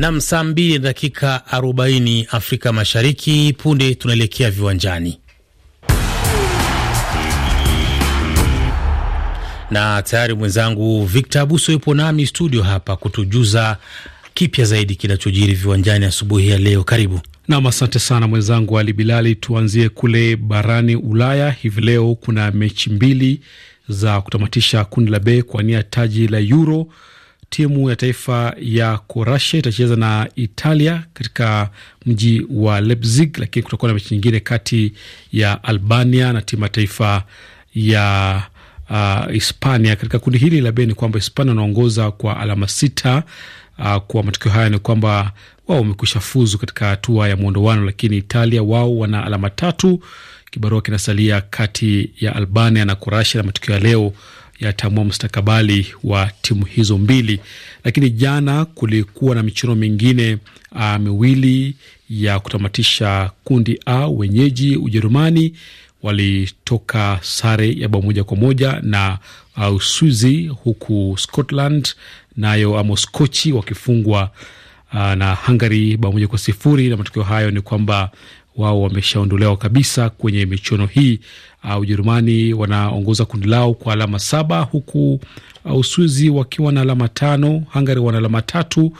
Nam, saa mbili na dakika arobaini Afrika Mashariki. Punde tunaelekea viwanjani na tayari mwenzangu Victor Abuso yupo nami studio hapa kutujuza kipya zaidi kinachojiri viwanjani asubuhi ya leo. Karibu. Nam, asante sana mwenzangu Ali Bilali. Tuanzie kule barani Ulaya hivi leo, kuna mechi mbili za kutamatisha kundi la B kuania taji la Euro timu ya taifa ya korasia itacheza na Italia katika mji wa Leipzig, lakini kutakuwa na mechi nyingine kati ya Albania na timu ya taifa ya uh, Hispania. Katika kundi hili la bei ni kwamba Hispania wanaongoza kwa alama sita. Uh, kwa matokeo haya ni kwamba wao wamekwisha fuzu katika hatua ya mwondowano lakini Italia wao wana alama tatu. Kibarua kinasalia kati ya Albania na Croatia na matokeo ya leo yataamua mustakabali wa timu hizo mbili. Lakini jana kulikuwa na michuano mingine uh, miwili ya kutamatisha kundi A. Wenyeji Ujerumani walitoka sare ya bao moja kwa moja na uh, Uswizi, huku Scotland nayo amoskochi ama Uskochi wakifungwa uh, na Hungary bao moja kwa sifuri na matokeo hayo ni kwamba wao wameshaondolewa kabisa kwenye michuano hii. Uh, Ujerumani wanaongoza kundi lao kwa alama saba huku uh, Uswizi wakiwa na alama tano, Hungary wana alama tatu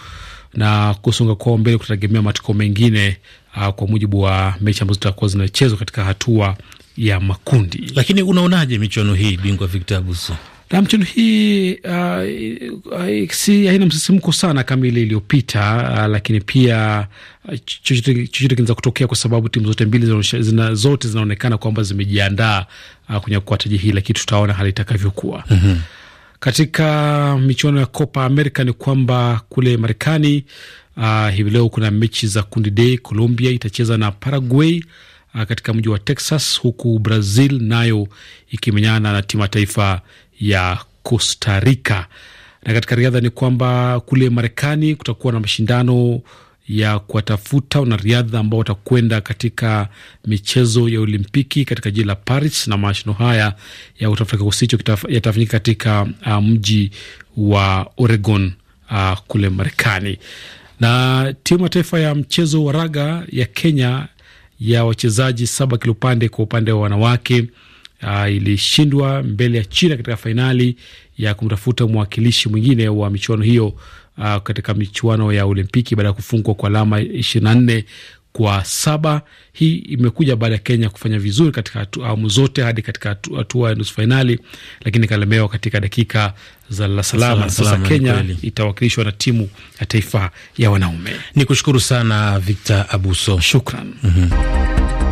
na kusonga kwao mbele kutategemea matokeo mengine uh, kwa mujibu wa mechi ambazo zitakuwa zinachezwa katika hatua ya makundi. Lakini unaonaje michuano hii, bingwa Victor Abuso? Michuano hii uh, si haina msisimko sana kama ile iliyopita, uh, lakini pia uh, chochote kinaweza kutokea kwa sababu timu zote mbili zina, zote zinaonekana kwamba zimejiandaa uh, kunyakua taji hii, lakini tutaona hali itakavyokuwa. mm -hmm. Katika michuano ya Copa America ni kwamba kule Marekani uh, hivi leo kuna mechi za kundi D. Colombia itacheza na Paraguay uh, katika mji wa Texas, huku Brazil nayo ikimenyana na timu ya taifa ya Costa Rica. Na katika riadha ni kwamba kule Marekani kutakuwa na mashindano ya kuwatafuta wanariadha ambao watakwenda katika michezo ya Olimpiki katika jiji la Paris, na mashindano haya ya Afrika Kusini yatafanyika katika uh, mji wa Oregon uh, kule Marekani. Na timu ya taifa ya mchezo wa raga ya Kenya ya wachezaji saba kila upande kwa upande wa wanawake uh, ilishindwa mbele ya China katika fainali ya kumtafuta mwakilishi mwingine wa michuano hiyo uh, katika michuano ya Olimpiki baada ya kufungwa kwa alama ishirini na nne kwa saba. Hii imekuja baada ya Kenya kufanya vizuri katika awamu zote hadi katika hatua ya nusu fainali, lakini ikalemewa katika dakika za la salama. Sasa Kenya itawakilishwa na timu ya taifa ya wanaume. Ni kushukuru sana Victor Abuso, shukran. mm -hmm.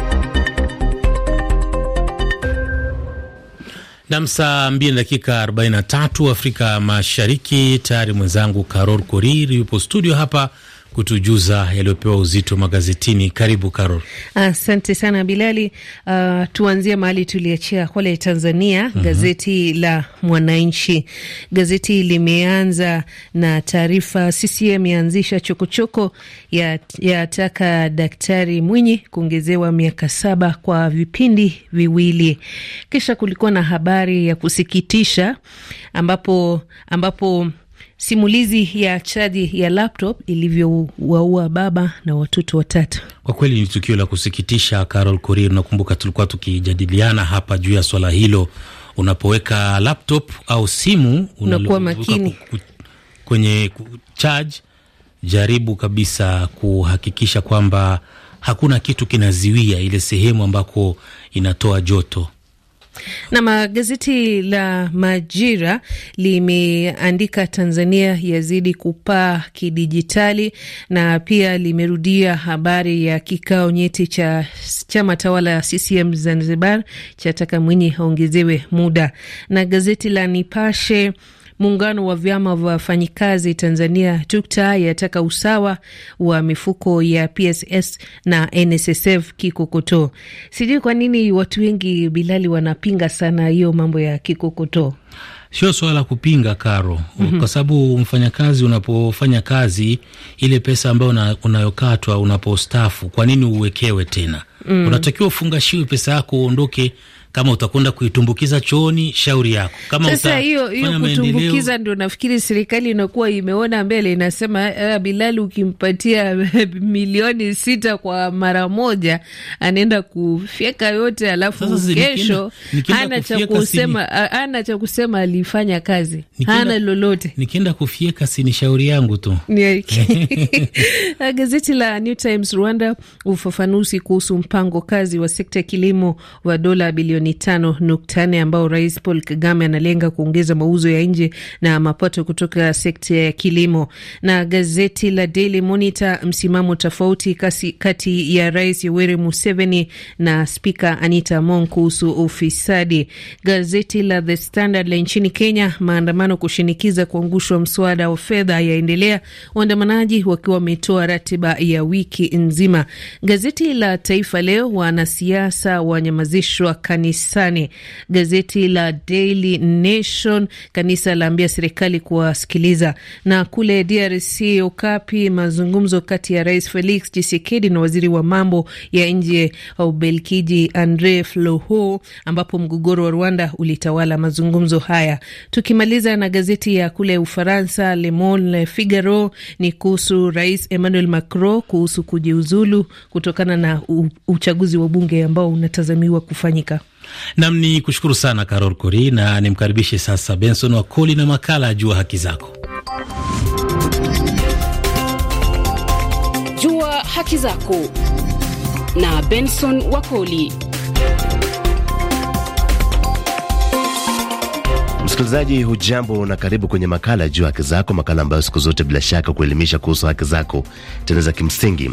Nam, saa mbili dakika 43 Afrika Mashariki. Tayari mwenzangu carol Korir yupo studio hapa kutujuza yaliyopewa uzito magazetini. Karibu Carol. Asante sana Bilali. Uh, tuanzie mahali tuliachia kule Tanzania. uh mhm. -huh. Gazeti la Mwananchi, gazeti limeanza na taarifa CCM yaanzisha chokochoko ya yataka Daktari Mwinyi kuongezewa miaka saba kwa vipindi viwili. Kisha kulikuwa na habari ya kusikitisha ambapo ambapo Simulizi ya chaji ya laptop ilivyowaua baba na watoto watatu. Kwa kweli ni tukio la kusikitisha, Carol Korir. Nakumbuka tulikuwa tukijadiliana hapa juu ya swala hilo, unapoweka laptop au simu unakuwa makini kwenye charge. Jaribu kabisa kuhakikisha kwamba hakuna kitu kinaziwia ile sehemu ambako inatoa joto. Na gazeti la Majira limeandika Tanzania yazidi kupaa kidijitali, na pia limerudia habari ya kikao nyeti cha chama tawala CCM Zanzibar cha taka Mwinyi aongezewe muda. Na gazeti la Nipashe Muungano wa vyama vya wafanyikazi Tanzania TUKTA yataka usawa wa mifuko ya PSS na NSSF kikokotoo. Sijui kwa nini watu wengi Bilali wanapinga sana hiyo mambo ya kikokotoo. Sio swala la kupinga karo, mm -hmm. Kwa sababu mfanyakazi unapofanya kazi ile pesa ambayo una, unayokatwa unapostafu, kwa nini uwekewe tena? mm. Unatakiwa ufungashiwe pesa yako uondoke kama utakwenda kuitumbukiza chooni, shauri yako. Kama sasa hiyo hiyo kutumbukiza, ndio nafikiri serikali inakuwa imeona mbele, inasema uh, eh, Bilali ukimpatia milioni sita kwa mara moja anaenda kufyeka yote, alafu sasa kesho hana cha kusema, ah, hana cha kusema alifanya kazi, hana lolote. Nikienda kufyeka, si ni shauri yangu tu. Gazeti la New Times Rwanda, ufafanuzi kuhusu mpango kazi wa sekta ya kilimo wa dola bilioni bilioni nne ambao Rais Paul Kagame analenga kuongeza mauzo ya nje na mapato kutoka sekta ya kilimo. Na gazeti la Daily Monitor, msimamo tofauti kati ya Rais Yoweri Museveni na Spika Anita Among kuhusu ufisadi. Gazeti la The Standard la nchini Kenya, maandamano kushinikiza kuangushwa mswada wa fedha yaendelea, waandamanaji wakiwa wametoa ratiba ya wiki nzima. Gazeti la Taifa Leo, wanasiasa wanyamazishwa kanisa kanisani. Gazeti la Daily Nation, kanisa laambia serikali kuwasikiliza. Na kule DRC, Okapi, mazungumzo kati ya Rais Felix Tshisekedi na waziri wa mambo ya nje wa Ubelgiji Andre Floho, ambapo mgogoro wa Rwanda ulitawala mazungumzo haya. Tukimaliza na gazeti ya kule Ufaransa, Le Monde, Le Figaro, ni kuhusu Rais Emmanuel Macron kuhusu kujiuzulu kutokana na uchaguzi wa bunge ambao unatazamiwa kufanyika. Nam ni kushukuru sana Carol Kori na nimkaribishe sasa Benson Wakoli na makala ya Jua Haki Zako. Jua Haki Zako na Benson Wakoli. Msikilizaji hujambo na karibu kwenye makala juu ya haki zako, makala ambayo siku zote bila shaka kuelimisha kuhusu haki zako tena za kimsingi.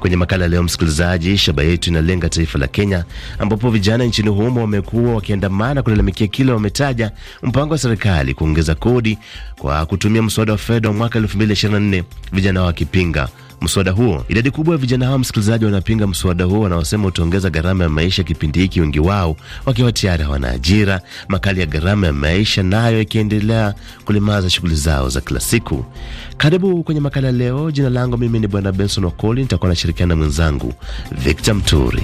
Kwenye makala leo, msikilizaji, shaba yetu inalenga taifa la Kenya, ambapo vijana nchini humo wamekuwa wakiandamana kulalamikia kile wametaja mpango wa serikali kuongeza kodi kwa kutumia mswada wa fedha wa mwaka 2024 vijana wakipinga mswada huo. Idadi kubwa ya vijana hao, msikilizaji, wanapinga mswada huo wanaosema utaongeza gharama ya maisha kipindi hiki, wengi wao wakiwa tayari hawana ajira, makali ya gharama ya maisha nayo ikiendelea kulimaza shughuli zao za kila siku. Karibu kwenye makala leo. Jina langu mimi ni Bwana Benson Wakoli, nitakuwa nashirikiana na mwenzangu Victor Mturi.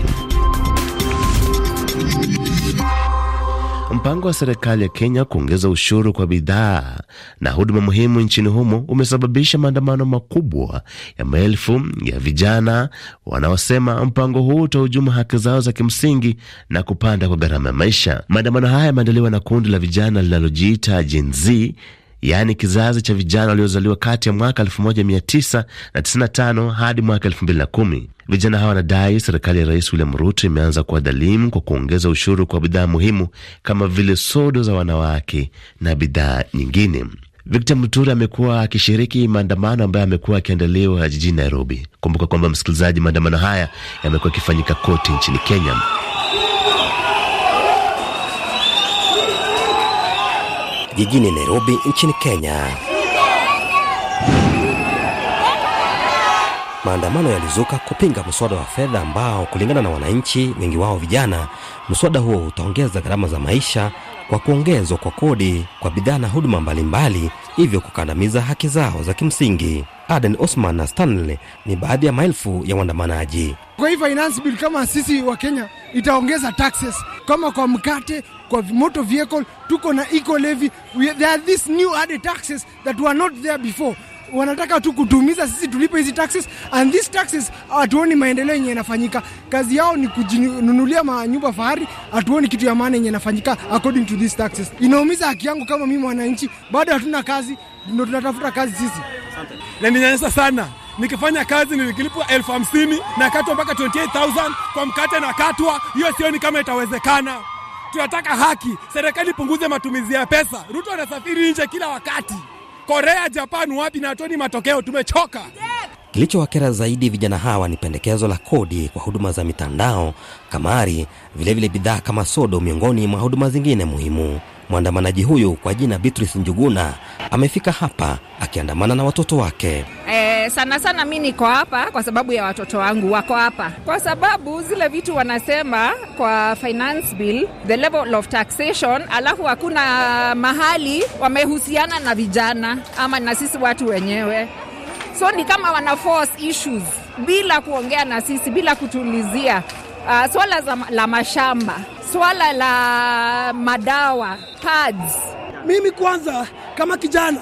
Mpango wa serikali ya Kenya kuongeza ushuru kwa bidhaa na huduma muhimu nchini humo umesababisha maandamano makubwa ya maelfu ya vijana wanaosema mpango huu utahujuma haki zao za kimsingi na kupanda kwa gharama ya maisha. Maandamano haya yameandaliwa na kundi la vijana linalojiita Gen Z yaani kizazi cha vijana waliozaliwa kati ya mwaka 1995 hadi mwaka 2010. Vijana hawa wanadai serikali ya Rais William Ruto imeanza kuwa dhalimu kwa kuongeza ushuru kwa bidhaa muhimu kama vile sodo za wanawake na bidhaa nyingine. Victor Muturi amekuwa akishiriki maandamano ambayo amekuwa akiandaliwa jijini Nairobi. Kumbuka kwamba msikilizaji, maandamano haya yamekuwa yakifanyika kote nchini Kenya. Jijini Nairobi nchini Kenya. maandamano yalizuka kupinga mswada wa fedha ambao, kulingana na wananchi wengi wao vijana, mswada huo utaongeza gharama za maisha kwa kuongezwa kwa kodi kwa bidhaa na huduma mbalimbali, hivyo kukandamiza haki zao za kimsingi. Aden Osman na Stanley ni baadhi ya maelfu ya uandamanaji Kwa hii finance bill, kama sisi wa Kenya itaongeza taxes kama kwa mkate, kwa moto vehicle, tuko na eco levy. There are these new added taxes that were not there before wanataka tu kutumiza sisi tulipe hizi taxes, and these taxes hatuoni maendeleo yenye yanafanyika. Kazi yao ni kujinunulia manyumba fahari, hatuoni kitu ya maana yenye yanafanyika according to these taxes. Inaumiza haki yangu kama mimi mwananchi, bado hatuna kazi, ndio tunatafuta kazi sisi, na ninanyanyasa sana nikifanya kazi nilikilipwa elfu hamsini na katwa mpaka 28,000 kwa mkate na katwa hiyo, sioni kama itawezekana. Tunataka haki, serikali ipunguze matumizi ya pesa. Ruto anasafiri nje kila wakati. Korea, Japan wapi na hatuoni matokeo, tumechoka. Kilichowakera zaidi vijana hawa ni pendekezo la kodi kwa huduma za mitandao, kamari, vilevile bidhaa kama sodo, miongoni mwa huduma zingine muhimu. Mwandamanaji huyu kwa jina Beatrice Njuguna amefika hapa akiandamana na watoto wake. E, sana sana mi niko hapa kwa sababu ya watoto wangu wako hapa kwa sababu zile vitu wanasema kwa finance bill, the level of taxation, alafu hakuna mahali wamehusiana na vijana ama na sisi watu wenyewe, so ni kama wana force issues bila kuongea na sisi, bila kutulizia uh, swala za, la mashamba, swala la madawa pads. Mimi kwanza kama kijana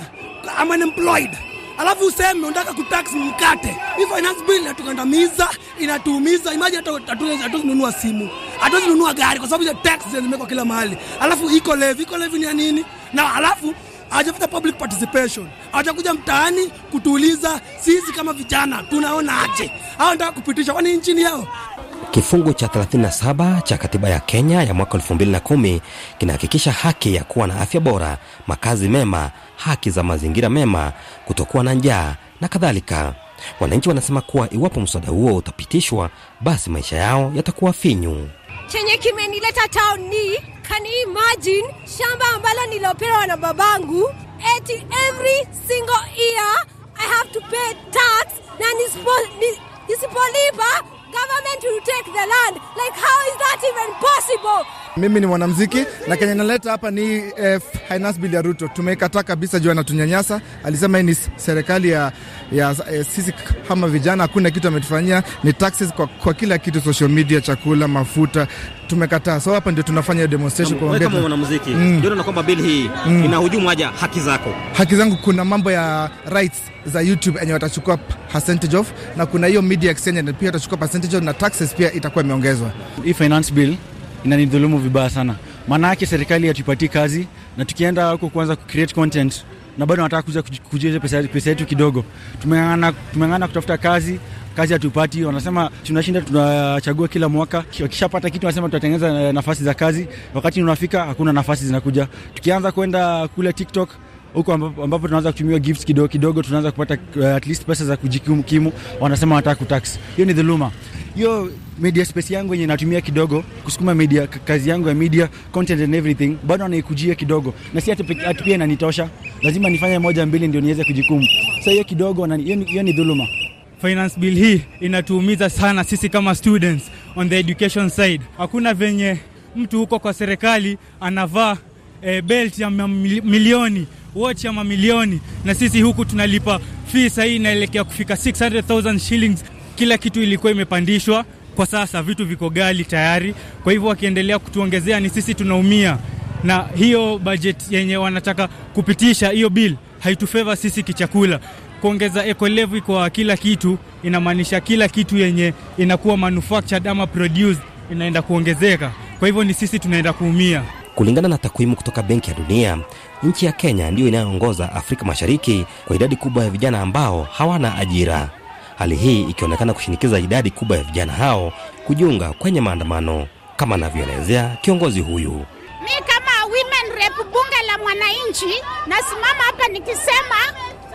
I'm unemployed alafu useme unataka kutax mkate. Hii finance bill inatukandamiza, inatuumiza. Imagine hata hatuwezi nunua simu, hatuwezi nunua gari kwa sababu ya tax zimekwa kila mahali. Alafu iko levy, iko levy ni ya nini? Na alafu hajafuta public participation, hajakuja mtaani kutuuliza sisi kama vijana tunaona aje, hao wanataka kupitisha. Kwani nchini yao Kifungu cha 37 cha katiba ya Kenya ya mwaka 2010 kinahakikisha haki ya kuwa na afya bora, makazi mema, haki za mazingira mema, kutokuwa na njaa na kadhalika. Wananchi wanasema kuwa iwapo mswada huo utapitishwa, basi maisha yao yatakuwa finyu. Chenye kimenileta town ni can you imagine, shamba ambalo nilopewa na babangu eti every single year I have to pay tax na nisipolipa government will take the land. Like, how is that even possible? Mimi ni mwanamziki na kenye naleta hapa ni eh, finance bill ya Ruto. Tumekataa kabisa juu anatunyanyasa. Alisema hii ni serikali ya, ya eh, sisi kama vijana, hakuna kitu ametufanyia, ni taxes kwa, kwa kila kitu, social media, chakula, mafuta tumekataa. So hapa ndio tunafanya demonstration kwa kama mwanamuziki mm. Ndio na kwamba bill hii mm. inahujumu haja haki zako? Haki zangu, kuna mambo ya rights za YouTube yenye watachukua percentage of, na kuna hiyo media exchange na pia watachukua percentage of, na taxes pia itakuwa imeongezwa. Hii finance bill inanidhulumu vibaya sana, maana yake serikali hatupatii kazi, na tukienda huko kuanza kucreate content na bado wanataka kuja kujuza pesa, pesa yetu kidogo. tumeangana kutafuta kazi, kazi hatupati. Wanasema tunashinda, tunachagua kila mwaka, wakishapata kitu wanasema tutatengeneza eh, nafasi za kazi, wakati unafika hakuna nafasi zinakuja. Tukianza kwenda kule TikTok huko ambapo tunaanza kutumia gifts kidogo kidogo, tunaanza kupata uh, at least pesa za kujikimu. Wanasema wanataka kutax. Hiyo ni dhuluma. Hiyo media space yangu yenye natumia kidogo kusukuma media, kazi yangu ya media content and everything, bado anaikujia kidogo, na si ati pia inanitosha, lazima nifanye moja mbili ndio niweze kujikimu. Sasa so, hiyo kidogo, hiyo ni dhuluma. Finance bill hii inatuumiza sana sisi kama students on the education side. Hakuna venye mtu huko kwa serikali anavaa eh, belt ya milioni wote ya mamilioni, na sisi huku tunalipa fee sahii inaelekea kufika 600,000 shillings. Kila kitu ilikuwa imepandishwa kwa sasa, vitu viko gali tayari. Kwa hivyo wakiendelea kutuongezea, ni sisi tunaumia, na hiyo budget yenye wanataka kupitisha hiyo bill haitufeva sisi kichakula. Kuongeza eco levy kwa kila kitu inamaanisha kila kitu yenye inakuwa manufactured ama produced inaenda kuongezeka, kwa hivyo ni sisi tunaenda kuumia. Kulingana na takwimu kutoka Benki ya Dunia, nchi ya Kenya ndiyo inayoongoza Afrika Mashariki kwa idadi kubwa ya vijana ambao hawana ajira, hali hii ikionekana kushinikiza idadi kubwa ya vijana hao kujiunga kwenye maandamano, kama anavyoelezea kiongozi huyu. Mi kama women rep bunge la mwananchi, nasimama hapa nikisema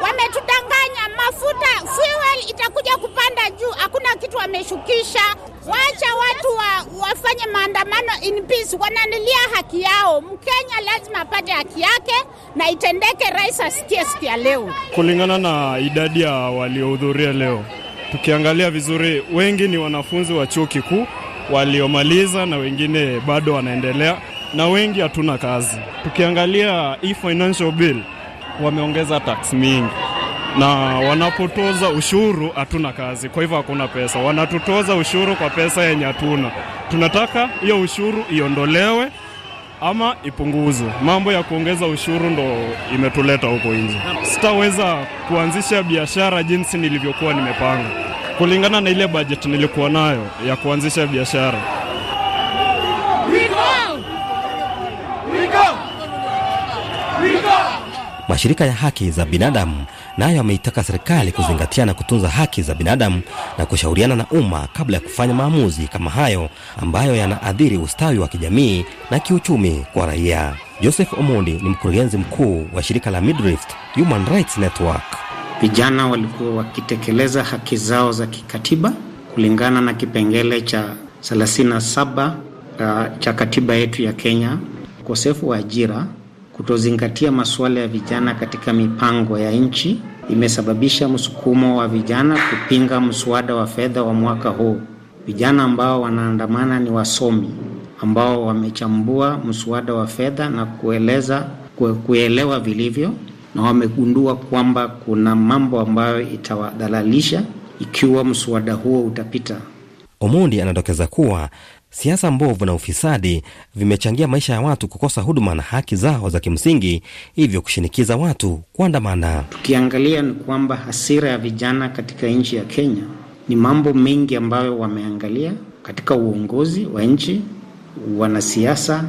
wametudanganya. Mafuta fuel itakuja kupanda juu, hakuna kitu wameshukisha. Wacha watu wa, wafanye maandamano in peace, wananilia haki yao. Mkenya lazima apate haki yake na itendeke, rais asikie siku ya leo. Kulingana na idadi ya waliohudhuria leo, tukiangalia vizuri, wengi ni wanafunzi wa chuo kikuu waliomaliza na wengine bado wanaendelea, na wengi hatuna kazi. Tukiangalia hii financial bill wameongeza tax mingi na wanapotoza ushuru hatuna kazi, kwa hivyo hakuna pesa. Wanatutoza ushuru kwa pesa yenye hatuna. Tunataka hiyo ushuru iondolewe ama ipunguzwe. Mambo ya kuongeza ushuru ndo imetuleta huko nje. Sitaweza kuanzisha biashara jinsi nilivyokuwa nimepanga kulingana na ile bajeti nilikuwa nayo ya kuanzisha biashara. Mashirika ya haki za binadamu nayo na yameitaka serikali kuzingatia na kutunza haki za binadamu na kushauriana na umma kabla ya kufanya maamuzi kama hayo ambayo yanaathiri ustawi wa kijamii na kiuchumi kwa raia. Joseph Omondi ni mkurugenzi mkuu wa shirika la Midrift Human Rights Network. Vijana walikuwa wakitekeleza haki zao za kikatiba kulingana na kipengele cha 37 uh, cha katiba yetu ya Kenya. Ukosefu wa ajira kutozingatia masuala ya vijana katika mipango ya nchi imesababisha msukumo wa vijana kupinga mswada wa fedha wa mwaka huu. Vijana ambao wanaandamana ni wasomi ambao wamechambua mswada wa fedha na kueleza kuelewa vilivyo, na wamegundua kwamba kuna mambo ambayo itawadhalalisha ikiwa mswada huo utapita. Omondi anadokeza kuwa Siasa mbovu na ufisadi vimechangia maisha ya watu kukosa huduma na haki zao za kimsingi, hivyo kushinikiza watu kuandamana. Tukiangalia ni kwamba hasira ya vijana katika nchi ya Kenya ni mambo mengi ambayo wameangalia katika uongozi wa nchi, wanasiasa,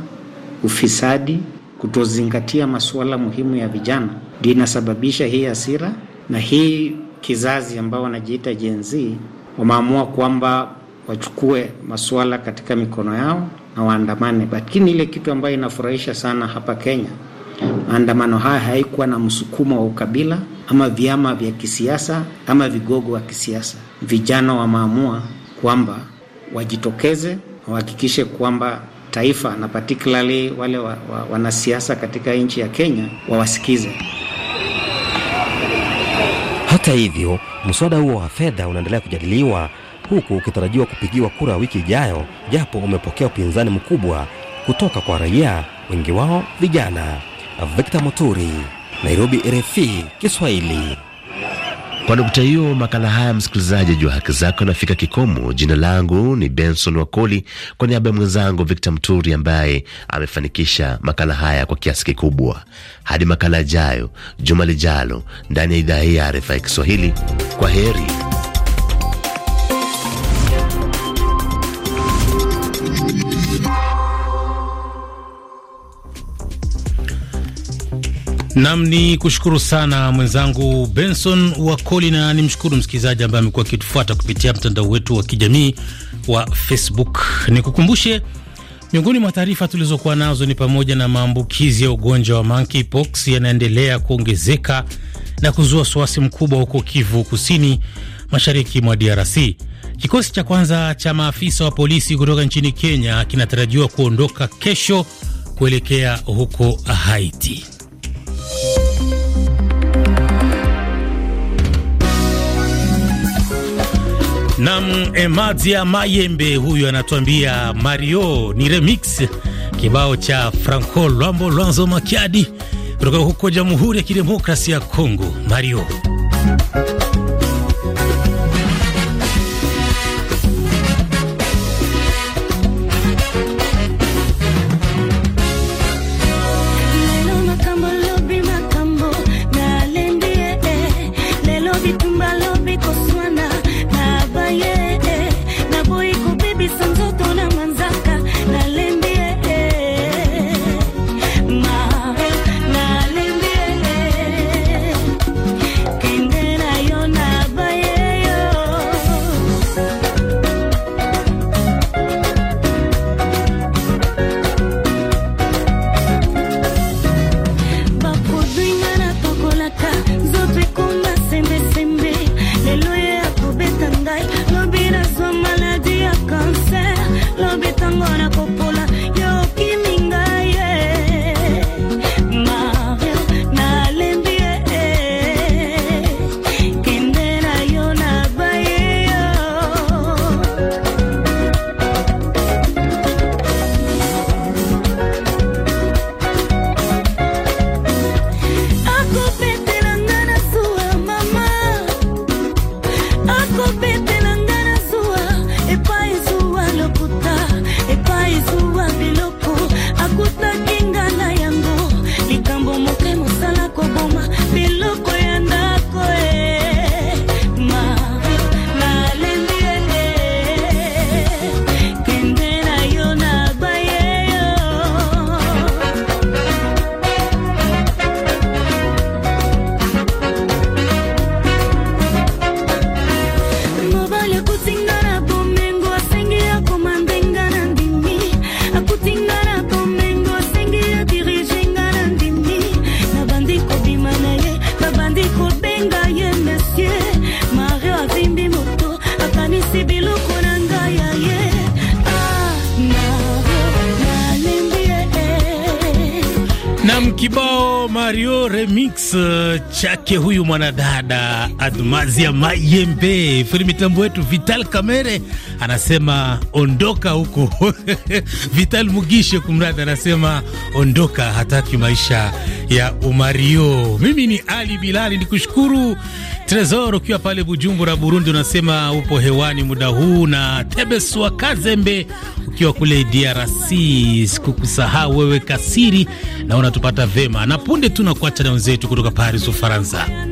ufisadi, kutozingatia masuala muhimu ya vijana, ndio inasababisha hii hasira, na hii kizazi ambao wanajiita Gen Z wameamua kwamba wachukue masuala katika mikono yao na waandamane. Lakini ile kitu ambayo inafurahisha sana hapa Kenya, maandamano haya haikuwa na msukumo wa ukabila ama vyama vya kisiasa ama vigogo wa kisiasa. Vijana wameamua kwamba wajitokeze, wahakikishe kwamba taifa na particularly wale wa, wa, wanasiasa katika nchi ya Kenya wawasikize. Hata hivyo, mswada huo wa fedha unaendelea kujadiliwa huku ukitarajiwa kupigiwa kura wiki ijayo, japo umepokea upinzani mkubwa kutoka kwa raia, wengi wao vijana. Victor moturi Nairobi, RFI Kiswahili. Kwa nukta hiyo, makala haya msikilizaji, jua haki zako anafika kikomo. Jina langu ni Benson Wakoli, kwa niaba ya mwenzangu Victor Mturi ambaye amefanikisha makala haya kwa kiasi kikubwa. Hadi makala yajayo juma lijalo, ndani ya idhaa hii ya RFI Kiswahili. Kwa heri. Nam ni kushukuru sana mwenzangu Benson Wakoli, na ni mshukuru msikilizaji ambaye amekuwa akitufuata kupitia mtandao wetu wa kijamii wa Facebook. Nikukumbushe, miongoni mwa taarifa tulizokuwa nazo ni pamoja na maambukizi ya ugonjwa wa monkeypox yanaendelea kuongezeka na kuzua wasiwasi mkubwa huko Kivu Kusini, mashariki mwa DRC. Kikosi cha kwanza cha maafisa wa polisi kutoka nchini Kenya kinatarajiwa kuondoka kesho kuelekea huko Haiti. Nam Emadia Mayembe huyu anatuambia Mario ni remix kibao cha Franco Lwambo Lwanzo Makiadi kutoka huko Jamhuri ya Kidemokrasia ya Kongo. Mario Nam kibao Mario remix uh, chake huyu mwanadada Admazia Mayembe furi mitambo wetu Vital Kamere anasema ondoka huko. Vital Mugishe kumrada anasema ondoka, hataki maisha ya umario. Mimi ni Ali Bilali nikushukuru Tresor ukiwa pale Bujumbura, Burundi, unasema upo hewani muda huu, na wa Kazembe ukiwa kule DRC, sikukusahau wewe Kasiri, na unatupata vema na punde tu na kuacha na wenzetu kutoka Paris, Ufaransa.